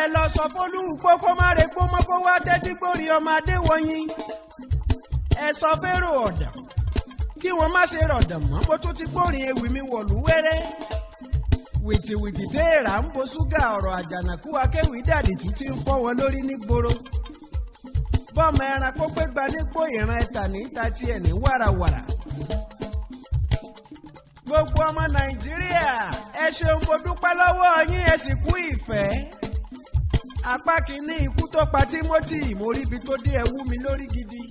E lọ sọ fólúùpó kó má re pó mọ́ wá tẹ́tí gbórí ọmọ adéwọ̀nyí ẹ sọ fẹ́rò ọ̀dàn kí wọ́n má ṣe mọ́ bó tún ti ewì mi wọ̀lú wéré wìtìwìtì téèrà ń bo ṣúgà ọ̀rọ̀ àjànàkú dàdí tún ti ń fọ́ wọn lórí nígboro bọ́ọ̀mọ ẹranko ìran gbogbo ọmọ nàìjíríà ẹ ṣeun dúpẹ́ apá kìíní ikú tó pa Timothy mo ríbi tó dé ẹwú mi lórí gidi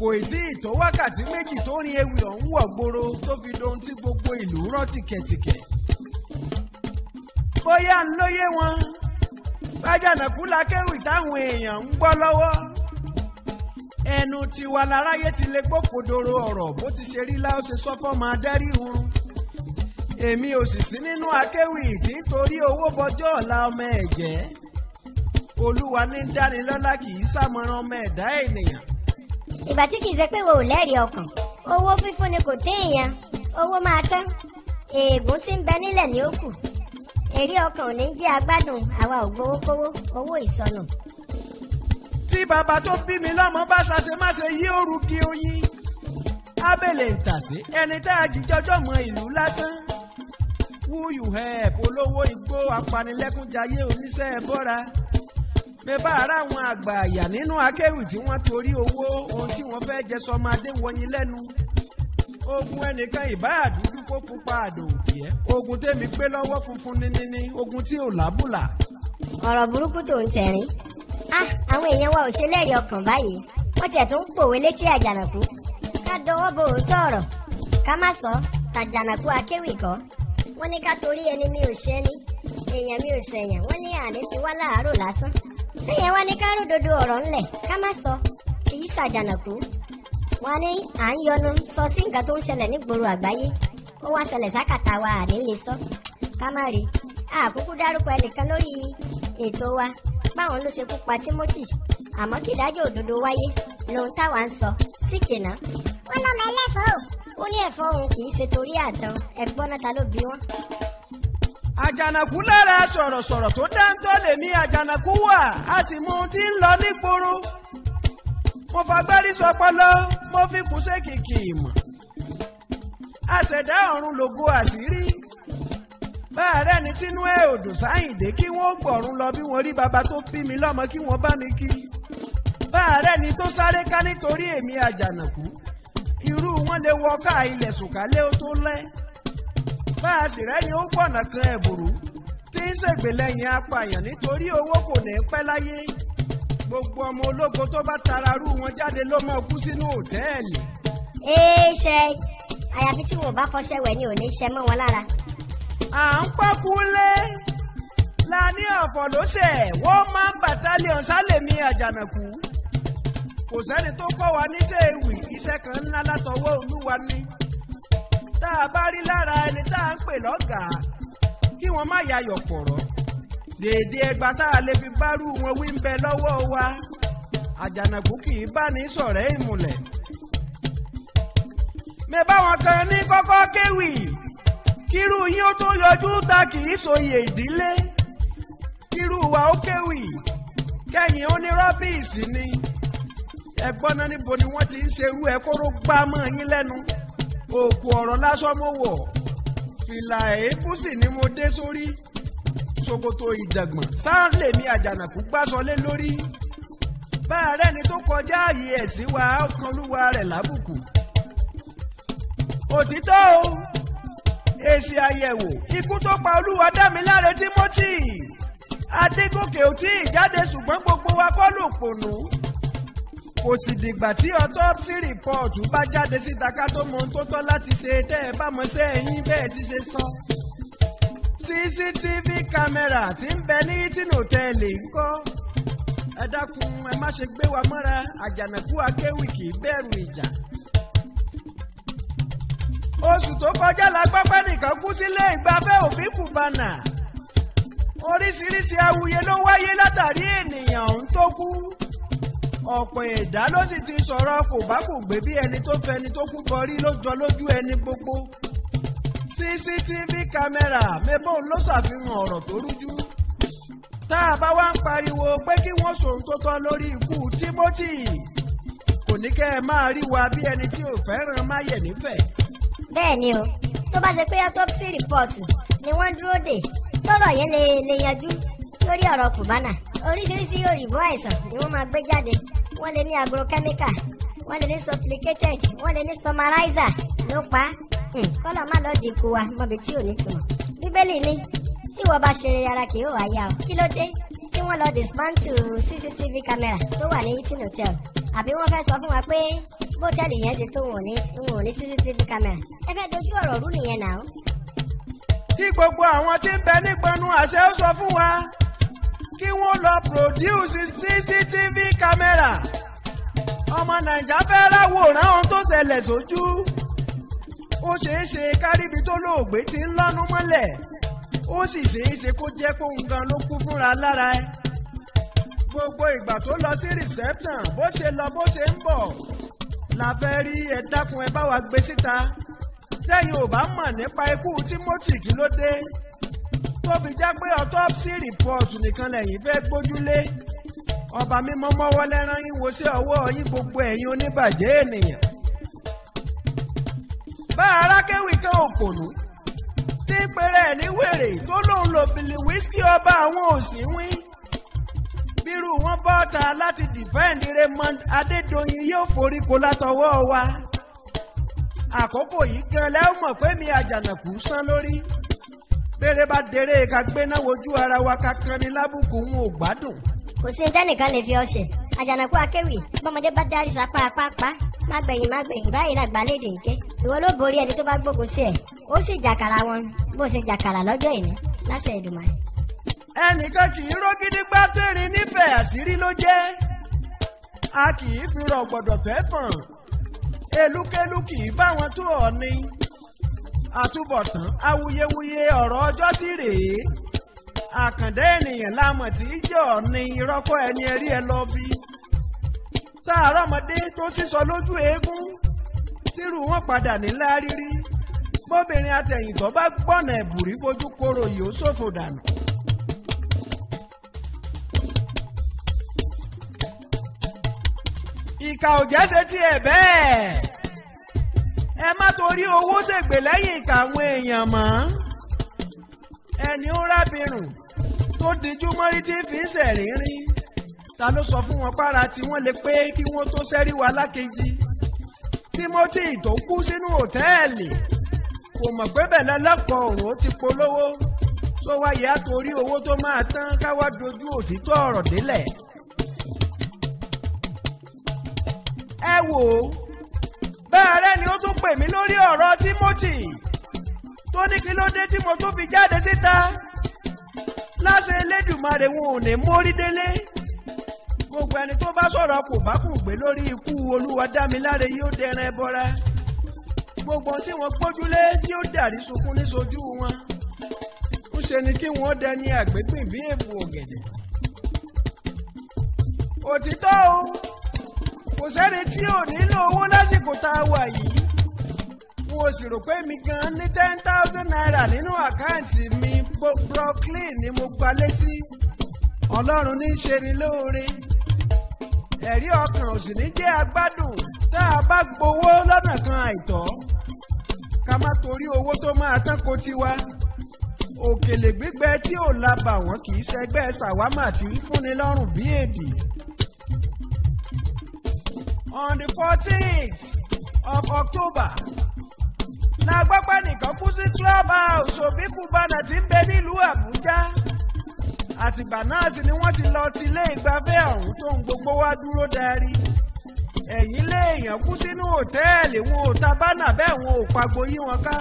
kò tí ì tó wákàtí méjì tó rin ewì ọ̀hún wọ̀gboro tó fi dohun tí gbogbo ìlú rán tìkẹ̀tìkẹ̀ bóyá ń lóye wọn bájànàkú lakẹ́rù táwọn èèyàn ń gbọ́ lọ́wọ́ ẹnu tiwa láráyé ti lè gbókodoro ọ̀rọ̀ bó ti ṣe rí láó ṣe sọ fọ́mọ adarí oorun èmi ò sì sí nínú akéwì tí ń torí owó bọjọ́ ọ̀la ọmọ ẹ̀ jẹ́ olúwa ní dánilọ́lá kì í sàmọ̀ràn ọmọ ẹ̀dá ènìyàn. ìgbà tí kì í ṣe pé wo ò lẹ́rìí ọkàn owó fífún ni kò téèyàn owó máa tán èègùn ti ń bẹ nílẹ̀ ní ó kù èrè ọkàn ò ní jẹ́ agbádùn àwa ò gbowó kówó owó ìsọnù. tí bàbá tó bí mi lọ́mọ bá ṣàṣe má ṣe yí òru kí oyin abẹ́lẹ̀ ń tàsé ẹni tá a jíjọ́jọ́ mọ ìlú lásán who you help olówó igbó apanilẹ́kúnjayé oníṣẹ́ bọ́ra mẹ́bà ara àwọn àgbà àyà nínú akéwì tí wọ́n torí owó ohun tí wọ́n fẹ́ jẹ sọmadé wọnyí lẹ́nu ogun ẹnìkan ìbá àdúdú kó pupa àdó ogun tèmi gbé lọ́wọ́ funfun nínínní ogun tí ò lábùlà. ọ̀rọ̀ burúkú tó ń tẹ̀rín ah àwọn èèyàn wa ò ṣe lẹ́rìí ọkàn báyìí wọ́n tiẹ̀ tún ń pòwe létí àjànàkú ká dọwọ́ bo òótọ́ ọ̀rọ̀ ká má sọ tàjànàkú akéwì kọ́ wọ́n ní ká torí ẹni mi ò ṣẹni èèyàn mi ò ṣẹ̀yàn wọ́n ní àní fi wá láàárọ̀ lásán sẹ́yìn wá ní ká ròdodo ọ̀rọ̀ ńlẹ̀ ká má sọ kì í ṣàjànàkú wọ́n ní à ń yọnu sọ sí nǹkan tó ń ṣẹlẹ̀ nígboro àgbáyé ó wá ṣẹlẹ̀ sákàtà wa àní lè sọ ká má rí àkókò dárúkọ ẹnìkan lórí ètò wa báwọn ló ṣe kú pa Timothy àmọ́ kí òdodo wáyé lóhun táwa ń sọ síkìnà. wọ́n lọ́mọ ẹlẹ́fọ̀ọ́ ó ní se òun kì í ṣe torí àdán ẹ̀gbọ́n soro ta ló bí wọ́n. àjànàkú lára sọ̀rọ̀sọ̀rọ̀ tó dáńtọ́ lèmi àjànàkú wà a sì mú un tí ń lọ nígboro. mo fagbárí sọpọlọ mo fi kún sí kìkì ìmọ̀. àṣẹ̀dá ọ̀run lògo àṣírí. báàrẹ̀ ni tínú ẹ̀ òdùn sáyìndé kí wọ́n gbọ̀rún lọ bí wọ́n baba tó bí mi lọ́mọ ki. wọ́n bá mi kí. báàrẹ̀ ni tó sáré ká nítorí èmi àjànàkú irú wọn lè wọ ká ilẹ̀ sùkálẹ̀ ó tó lẹ́ bá a sì ni ó gbọ̀nà kan ẹ̀bùrú tí ń ṣègbè lẹ́yìn apààyàn nítorí owó kò ní pẹ́ láyé gbogbo ọmọ ológo tó bá tara rú wọn jáde ló máa kú sínú òtẹ́ẹ̀lì. ee ṣe àyàfi tí wọn ò bá fọṣẹ wẹ̀ ni ò ní ṣe mọ́ wọn lára. à ń pẹ́kúnlé la ní ọ̀fọ̀ ló ṣe wọ́n máa ń bàtálíọ̀n sálẹ̀mí àjànàkú. kò sẹ́ni tó kọ́ wa níṣẹ́ iṣẹ́ kan ńlá látọwọ́ olúwa ni tá a bá rí lára ẹni tá a ń pè lọ́gàá kí wọ́n má yayọ̀ pọ̀rọ̀ dèédé fi wọn wí ń bẹ lọ́wọ́ wa àjànàkú kì í bá ní sọ̀rẹ́ ìmùlẹ̀. mi kan ní kọ́kọ́ kéwì kírú yín ó tó yọjú ta kì í idile. ìdílé kírú wa ó kéwì kẹ́yìn ó ní rọ́bìsì ẹ̀gbọ́n náà níbo ni wọ́n ti ń ṣerú ẹ kóró gbá mọ́ yín lẹ́nu òkú ọ̀rọ̀ lásán mo wọ̀ fìlà èébú sì ni mo dé sórí ṣòkòtò ìjàgbọ̀n sáà lèmi àjànàkú gbásọlé lórí báà rẹ́ni tó kọjá ààyè ẹ̀ sí wa ó kan olúwa rẹ̀ lábùkù òtítọ́ o èsì àyẹ̀wò ikú tó pa olúwa dámiláre Timothy Adégòkè ò tí ì jáde ṣùgbọ́n gbogbo wa kọ́ lòpònú. No kò sì dìgbà tí autopsy report bá jáde síta ká tó mọ tó tọ́ láti ṣe tẹ́ ẹ bá mọ̀ ṣe ẹ̀yìn bẹ́ẹ̀ ti ṣe san. CCTV camera ti ń bẹ ní hilton hotel ńkọ́ ẹ dákun ẹ má ṣe gbé wa mọ́ra àjànàkú akéwì kì í bẹ̀rù ìjà. oṣù tó kọjá la gbọ́ pé nìkan kú sílé ìgbafẹ́ òbí kùbánà oríṣiríṣi awuyẹ ló wáyé látàrí ènìyàn ọ̀hún tó kú ọ̀pọ̀ ẹ̀dá ló sì ti sọ̀rọ̀ kò bá kò gbé bí ẹni tó fẹni tó kú kọrí ló lójú ẹni gbogbo cctv kámẹ́rà mẹ́bọ̀n ló ṣàfihàn ọ̀rọ̀ tó rújú tá a bá wá ń pariwo pé kí wọ́n sòun tó tọ́ lórí ikú Timothy kò ní kẹ́ ẹ máa rí wa bí ẹni tí ò fẹ́ràn máyẹ̀ nífẹ̀ẹ́. bẹ́ẹ̀ ni o tó bá ṣe pé autopsy report ni wọ́n dúró dè sọ̀rọ̀ yẹn lè lè yanjú lórí ọ̀rọ̀ kùbánà oríṣiríṣi òrìbó àìsàn ni wọ́n máa gbé jáde wọ́n lè ní agrochemical wọ́n lè ní supplicated wọ́n lè ní summarizer ló pa hmm. kọ́lọ̀ má lọ dìkù wa mọ̀bí tí ò ní túmọ̀ bíbélì ni tí wọ́n bá ṣe rere ara kì yóò wáyà o kí ló dé kí wọ́n lọ dismantle cctv camera tó wà ní hilton hotel àbí wọ́n fẹ́ sọ fún wa pé bótẹ́ẹ̀lì yẹn ti tó wọn ò ní cctv camera ẹ fẹ́ dojú ọ̀rọ̀ rú nìyẹn náà. kí gbogbo àwọn tí ń bẹ nígbọnú àṣẹ ó sọ fún wa that produces CCTV camera ọmọ nàìjà fẹ́ ráwòrán ohun tó ṣẹlẹ̀ sójú ó ṣeé ṣe káríbi tó lóògbé ti ń lọ́nu mọ́lẹ̀ ó sì ṣeé ṣe kó jẹ́ pé òun gan ló kú fúnra lára ẹ̀ gbogbo ìgbà tó lọ sí reception bó ṣe lọ bó ṣe ń bọ̀ la fẹ́ rí ẹ dákun ẹ bá wa gbé síta tẹ́yin ò bá mọ̀ nípa ikú Timothy kí ló dé tó fi jẹ́ pé autopsy report nìkan lẹ́yìn fẹ́ gbójúlé ọba mímọ́ mọ́wọ́ lẹ́rán yín wo sí ọwọ́ yín gbogbo ẹ̀yin oníbàjẹ́ ènìyàn bá arákéwì kan òpònú tí ń pèrè ẹ̀ ní wèrè tó lóun lò bìlìwísì ọba àwọn òsínwí bírú wọn bọ́ta láti defend Raymond Adédoyin yóò forí ko látọwọ́ wa àkókò yìí gan lẹ́wọ̀n pé mi àjànàkú sán lórí bẹ́ẹ̀rẹ́ bá dèrè ká gbéná wojú ara wa ká kan ní lábùkù ń ò gbádùn. kò sí tẹ́nìkan lè fi ọṣẹ àjànàkú akéwì bọ́mọdé bá dárí sapá apá pa má báyìí làgbà léde nké ìwọ ló borí ẹni tó bá gbógun sí ẹ ó sì jàkàrà wọn bó ṣe jàkàrà lọ́jọ́ ìní láṣẹ Èdùmàrè. ẹnìkan kì í rógídí gbá nífẹ̀ẹ́ àṣírí ló jẹ́ a kì í fi rọ̀ gbọ̀dọ̀ tẹ́ elúkẹ́lú kì í bá wọn tó ọ̀ ni àtúbọ̀tán awuyewuye ọ̀rọ̀ ọjọ́ sí rèé àkàndá ènìyàn lámọ̀ tí í jẹ́ ọ̀ni ìrọ́kọ́ ẹni ẹ̀rí ẹ lọ bí sáàárọ̀ ọmọdé tó sísọ lójú eégún tírù wọn padà nílá rírí bóbìnrin atẹ̀yìntọ́ bá gbọ́nà ẹ̀bùrí fojú kóró yìí ṣòfò dànù. ìkà òjẹ́ ṣe tiẹ̀ bẹ́ẹ̀ ẹ má torí owó ṣègbè lẹ́yìn ìka àwọn èèyàn mọ́ ẹni ń rábìrùn tó dijú mọ́rí tí fi ń ṣẹ̀rínrín ta ló sọ fún wọn para tí wọ́n lè pé kí wọ́n tó ṣẹ́rí wa lákejì Timothy tó kú sínú òtẹ́ẹ̀lì kò mọ̀ pé bẹ́ẹ̀ lọ́lọ́pọ̀ òun ó ti polówó tó wáyé àtòrí owó tó máa tán káwá dojú òtítọ́ ọ̀rọ̀ délẹ̀ ẹ wò ó bẹ́ẹ̀rẹ́ ni ó tún pè mí lórí ọ̀rọ̀ Timothy tó ní kí ló dé tí mo tún fi jáde síta láṣẹ Elédùmarè wọn ò ní mórí délé gbogbo ẹni tó bá sọ̀rọ̀ kò bá kùn gbé lórí ikú Olúwadámiláre yóò dẹran ẹbọra gbogbo tí wọ́n gbójúlé yóò dàrí sunkún ní sojú wọn ń ṣe ni kí wọ́n dẹni àgbégbè bí èbù ọ̀gẹ̀dẹ̀ òtítọ́ o kò sẹ́ni tí ò nílò owó lásìkò tá a wà yìí mo sì rò pé mi gan ní ten thousand naira nínú àkáǹtì mi brooklyn ni mo gbalé sí ọlọ́run ní í ṣe ni lóore ẹ̀rí ọkàn ò sì ní jẹ́ agbádùn tá a bá gbowó lọ́nà kan àìtọ́ ká má torí owó tó máa tán kó tiwa òkèlè gbígbẹ tí ò labà wọn kì í ṣẹgbẹ́ ṣàwámà tí ń fúnni lọ́rùn bí èdè. on the 14th of October na Agbapa nikan kú club house òbíkú bánà tí ń bẹ nílùú Àbújá àtìgbà náà sì ni wọ́n ti lọ ti ilé ìgbafẹ́ ọ̀hún tó ń gbogbo wa dúró darí ẹ̀yìn léèyàn kú sínú òtẹ́ẹ̀lì wọn ò ta bánà bẹ́ẹ̀ wọn ò pagbo yí wọn ká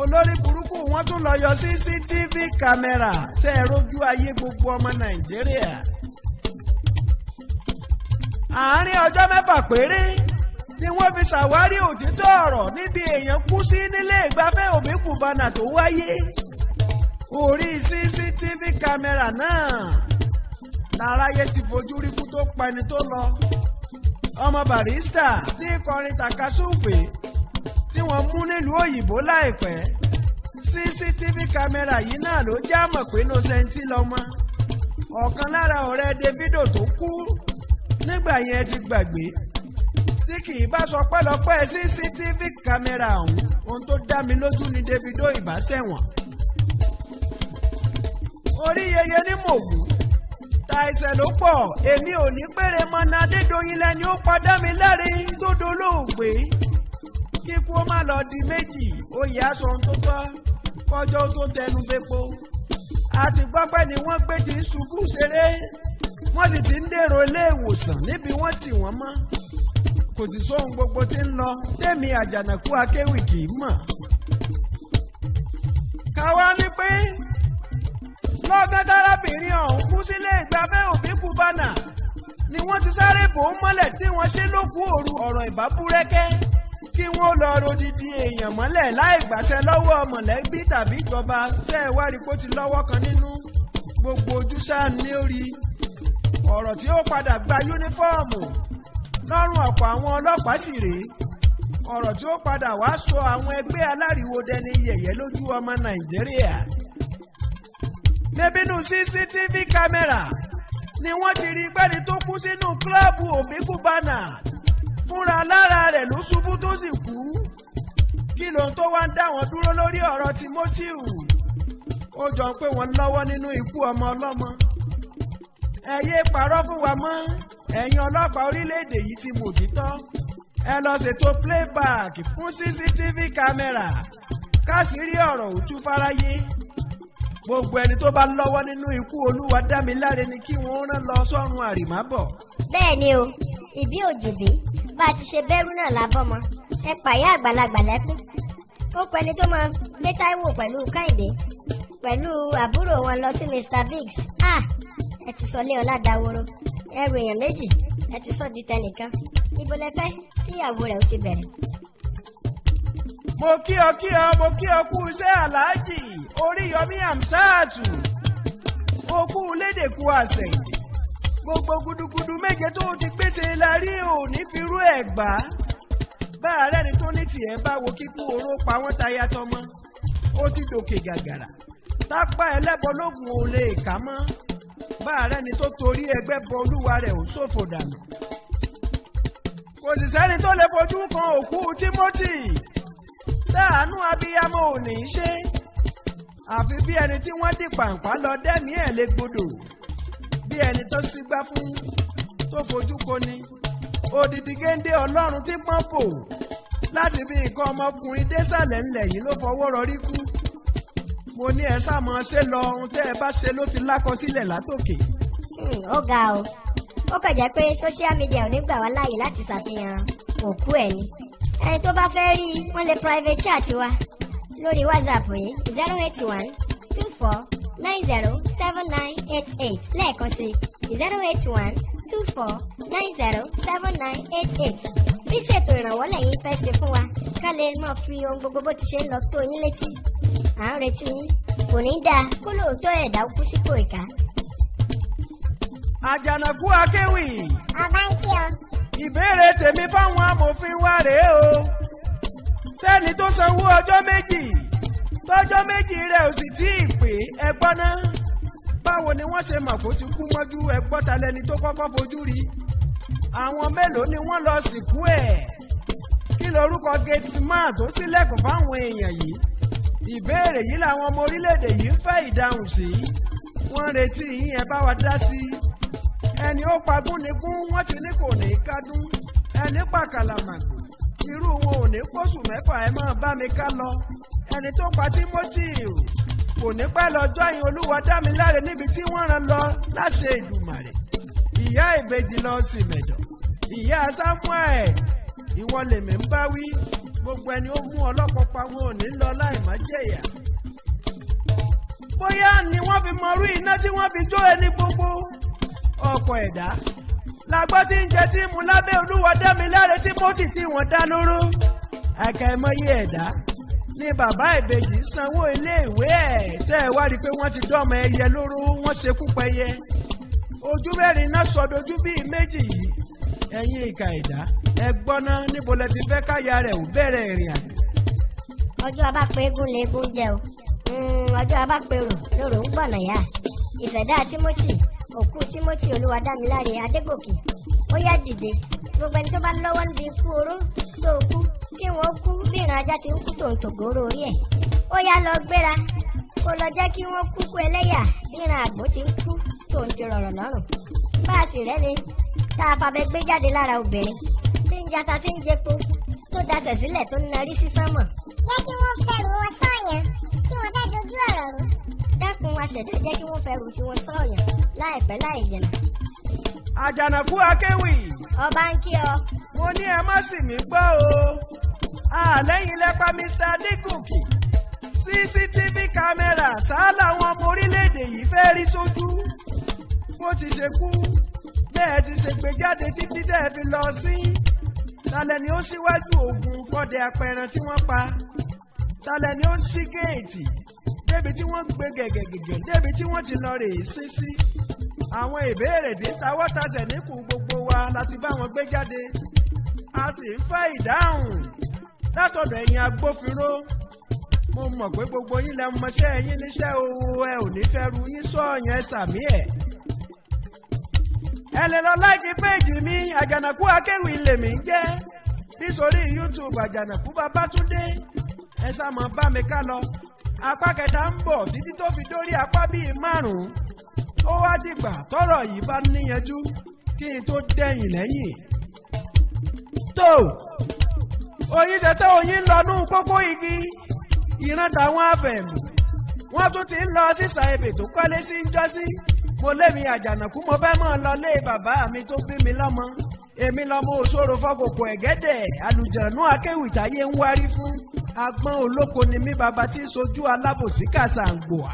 olórí burúkú wọn tún lọ yọ CCTV camera tẹ́ ẹ rójú ayé gbogbo ọmọ Nàìjíríà. àárín ọjọ́ mẹ́fà péré ni wọ́n fi ṣàwárí òtítọ́ ọ̀rọ̀ níbi èèyàn kú sí nílé ìgbafẹ́ òbí kùbánà tó wáyé orí cctv kámẹ́rà náà láráyé ti fojú rí kú tó pa tó lọ ọmọ barista tí kọrin takasúfè tí wọ́n mú nílùú òyìnbó láìpẹ́ cctv kámẹ́rà yìí náà ló pé lọ́mọ ọ̀kan lára ọ̀rẹ́ Davido tó kú nígbà yẹn ti gbàgbé tí kì í bá sọ pẹ́lọpẹ́ CCTV kámẹ́rà ọ̀hún ohun tó dá mi lójú ni Davido ìbá ṣẹ̀wọ̀n. orí yeye ní mògùn ta ẹsẹ̀ ló pọ̀ èmi ò ní péré mọ́nà Adédoyin lẹ́ni ó padà mi lẹ́rìí tó dolóògbé kíkú ó má lọ di méjì oyè aṣọ ohun tó tọ́ kọjọ́ tó tẹnu bẹ́pọ̀ àti ni wọ́n gbé ti ń ṣubú ṣeré wọ́n sì ti ń dèrò iléèwòsàn níbi wọ́n tì wọ́n mọ́ kò sì sóhun gbogbo tí ń lọ tèmi àjànàkú akéwì mọ̀. káwa ni pé lọ́gán tárábìnrin ọ̀hún kú sílé ìgbafẹ́ òbí kú bánà ni wọ́n ti sáré bò ó mọ́lẹ̀ tí wọ́n ṣe lókù òru ọ̀rọ̀ ìbábúrẹ́kẹ́ kí wọ́n lọ rodidi èèyàn mọ́lẹ̀ láì gbàṣẹ lọ́wọ́ mọ̀lẹ́bí tàbí ìjọba ṣẹ́ẹ̀wárí kó ti lọ́wọ́ kan nínú gbogbo ojúṣà ní orí ọ̀rọ̀ tí ó padà gba yúnífọ́ọ̀mù lọ́rùn ọ̀pọ̀ àwọn ọlọ́pàá sì rèé ọ̀rọ̀ tí ó padà wá sọ àwọn ẹgbẹ́ aláriwo dẹni yẹ̀yẹ́ lójú ọmọ nàìjíríà níbínú cctv kámẹ́rà ni wọ́n ti rí gbẹ́ni tó kú sínú kílọ́ọ̀bù òbíkúbánà fúnra lára rẹ̀ ló ṣubú tó sì kú kí lóhun tó wá ń dá wọn dúró lórí ọ̀rọ̀ timothy ó jọ pé wọ́n lọ́wọ́ nínú ikú ọmọ ọlọ́mọ ẹ yéé parọ́ fún wa mọ́ ẹ̀yin ọlọ́pàá orílẹ̀-èdè yìí ti mòjítọ́ ẹ lọ ṣètò playback fún cctv camera káṣírí ọ̀rọ̀ òtú fáráyé gbogbo ẹni tó bá lọ́wọ́ nínú ikú olúwa dámiláre ni kí wọ́n rán lọ sọ́run àrìmábọ̀. bẹ́ẹ̀ ni o ìbí òjìbí bá a ti ṣe bẹ́rù náà lábọ́mọ ẹ pààyà àgbàlagbà lẹ́kún ó pẹ́ ni tó máa gbé Táíwò pẹ̀lú Kẹ́hìndé pẹ̀lú àbúrò wọn lọ sí Mr Biggs ah ẹ ti sọ lé ọlá dáwóró ẹrù èèyàn méjì ẹ ti sọ di tẹnìkan ibo lẹ fẹ́ kíyàwó rẹ̀ ó ti bẹ̀rẹ̀. mo kí ọ kí ọ mo kí ọ kú iṣẹ́ aláàjì Oríyọmí Hamsatu mo kú lédè kú àsẹ̀yìn gbogbo gudugudu méje tó ti pèsè la rí òní fi rú ẹ̀ gbà á bá ààrẹ ni tó ní tiẹ̀ bá wo kíkú oró pa wọ́n táyà tọmọ ó ti dòkè gàgàrà tápá ẹlẹ́bọ lóògùn ò lè kà mọ́ bá ààrẹ ni tó torí ẹgbẹ́ bọ olúwa rẹ̀ ò ṣòfò dànù kò sì sẹ́ni tó lè fojú kan òkú Timothy táàánú abiyamọ ò ní í ṣe àfi bí ẹni tí wọ́n dì pàǹpá lọ dẹ́mi ẹ̀ légbodò bí ẹni tó sígbá fún tó fojú koni odidi géńdé ọlọ́run tí pọ́n pò láti bí nǹkan ọmọkùnrin désàlẹ̀ ńlẹ̀ yìí ló fọwọ́ rọrí kú mo ní ẹ sáà ṣe lọ ohun tẹ́ ẹ bá ṣe ló ti lákọsílẹ̀ látòkè. Hmm, ó ga o ó kàn jẹ́ pé social media ò ní gbà wá láàyè láti ṣàfihàn òkú ẹ̀ ni ẹni tó bá fẹ́ rí i lè private chat wa lórí whatsapp yìí zero eight one two four nine zero seven nine eight eight lẹ́ẹ̀kan sí zero eight one two four nine zero seven nine eight eight bí ṣètò ìrànwọ́ lẹ́yìn fẹ́ ṣe fún wa ká lè máa fi ohun gbogbo bó ti ṣe ń lọ tó yín létí à ń retí yín kò ní dáa kó lóòótọ́ ẹ̀dá kú sípò ìkà. àjànàkú akéwì. ọba ń kí ọ. ìbéèrè tèmi fáwọn amòfin wa rèé o sẹ́ni tó sanwó ọjọ́ méjì tọ́jọ́ méjì rẹ̀ ò sì tí ì pé ẹgbọ́n náà báwo ni wọ́n ṣe mọ̀ kó ti kú mọ́jú ẹgbọ́n ta lẹni tó kọ́kọ́ fojú rí àwọn mélòó ni wọ́n lọ sìnkú ẹ̀ kí lorúkọ gateman tó ṣílẹ̀kùn fáwọn èèyàn yìí ìbéèrè yìí làwọn ọmọ orílẹ̀-èdè yìí ń fẹ́ ìdáhùn sí wọ́n retí yín ẹ bá wa dá sí i ẹni ó pagún nígún wọ́n ti ní kò ní kádún ẹni pàkàlàmàgbò irú wọn ò ní pósù mẹ́fà ẹ máa bá mi ká lọ ẹni tó pa Timothy kò ní pẹ́ lọ́jọ́ yìí olúwa dá mi láre níbi tí wọ́n rán lọ láṣẹ ìdùmàrè ìyá ìbejì lọ sí mẹ̀dọ̀ ìyá Samuel ìwọ lèmi ń bá wí gbogbo ẹni ó mú ọlọ́pàá pa wọn ò ní lọ láì má jẹ̀yà. bóyá ni wọ́n fi mọrú iná tí wọ́n fi jó ẹni gbogbo ọkọ̀ ẹ̀dá làgbọ́ tí ń jẹ tí mu lábẹ́ olúwa dámiláre tí mo tì tí wọ́n dá lóró àkàìmọye ẹ̀dá ni bàbá ìbejì sanwó iléèwé ẹ̀ tẹ́ ẹ wá pé wọ́n ti dọ́mọ ẹyẹ lóró wọ́n ṣekú pẹyẹ ojú mẹ́rin náà sọdojú bíi méjì yìí ẹ̀yin ìka ẹ̀dá ẹ gbọ́ná níbo lẹ ti fẹ́ káyà rẹ̀ ò bẹ̀rẹ̀ ìrìn àjò. ọjọ́ a pé eégún lè eégún jẹ o hmm, ọjọ́ a bá pé rò lóró ń gbọ̀nà yá ìṣẹ̀dá Timothy òkú Timothy Olúwadámiláre Adégòkè ó yá dìde gbogbo ẹni tó bá lọ́wọ́ níbi ikú oró tó kú kí wọ́n kú bí ìran ajá ti ń kú tòǹtògóró orí ẹ̀ ó yá lọ gbéra kó lọ jẹ́ kí wọ́n kúkú ẹlẹ́yà bí ìran àgbò ti ń kú tòǹtì rọ̀rọ̀ lọ́rùn bá a ni. tá a fàbẹ gbé jáde lára obìnrin tí ń jata tí ń jepo tó dasẹ̀ sílẹ̀ tó ń narí sísánmọ̀. jẹ́ kí wọ́n fẹ̀rù wọn sọ̀yàn tí wọ́n fẹ́ dojú ọ̀rọ̀ rú. dákun aṣẹ̀dá jẹ́ kí wọ́n fẹ̀rù tiwọn sọ̀yàn láìpẹ́ láì jìnà. àjànàkú akéwì. ọba ń kí ọ. mo ní ẹ má sì mí gbọ́ o àlẹ́yìn lẹ́pa Mr. Adegoke CCTV kámẹ́rà ṣáá làwọn ọmọ orílẹ̀-èdè yìí fẹ́ rí sójú bó ti ṣe kú bẹ́ ẹ ti ṣègbè jáde títí tẹ́ ẹ fi lọ sí talẹ̀ ni ó ṣíwájú ogun fọ́dẹ apẹran tí wọ́n pa talẹ̀ ni ó ṣí géètì débi tí wọ́n gbé gẹ̀gẹ̀gẹ̀gẹ̀ débi tí wọ́n ti lọ rè é sí sí àwọn ìbéèrè tí ń tawọ́ tasẹ̀ níkù gbogbo wa láti bá wọn gbé jáde a sì ń fẹ́ ìdáhùn látọ̀dọ̀ ẹ̀yin agbófinró mo mọ̀ pé gbogbo yín lẹ́ mọṣẹ́ yín níṣẹ́ o ẹ ò ní fẹ́ ru yín sọ̀yàn ẹ sàmí ẹ̀ ẹ lè lọ láìkí péjì mi àjànàkú akéwì lèmi jẹ́ bí sórí youtube àjànàkú babátúndé ẹ sá mọ́ bá mi ká lọ apá kẹta ń bọ̀ títí tó fi dórí apá bíi márùn-ún ó wá dìgbà tọ́rọ̀ yìí bá níyanjú kí n tó dẹ̀yìn lẹ́yìn. tó oyin ṣètò oyin lọ́nú kókó igi ìran tàwọn afẹ̀mù wọ́n tún ti ń lọ sísà ebè tó kọ́lé sí ń jọ́sí mo lémi àjànàkú mo fẹ́ mọ̀ lọ lé bàbá mi tó bí mi lọ́mọ èmi lọ́mọ òṣòro fọkòkò ẹ̀gẹ́dẹ̀ àlùjànú akéwì táyé ń wárí fún agbọ́n olóko ni mi bàbá tí sojú alábòsí kàṣà ń gbòà.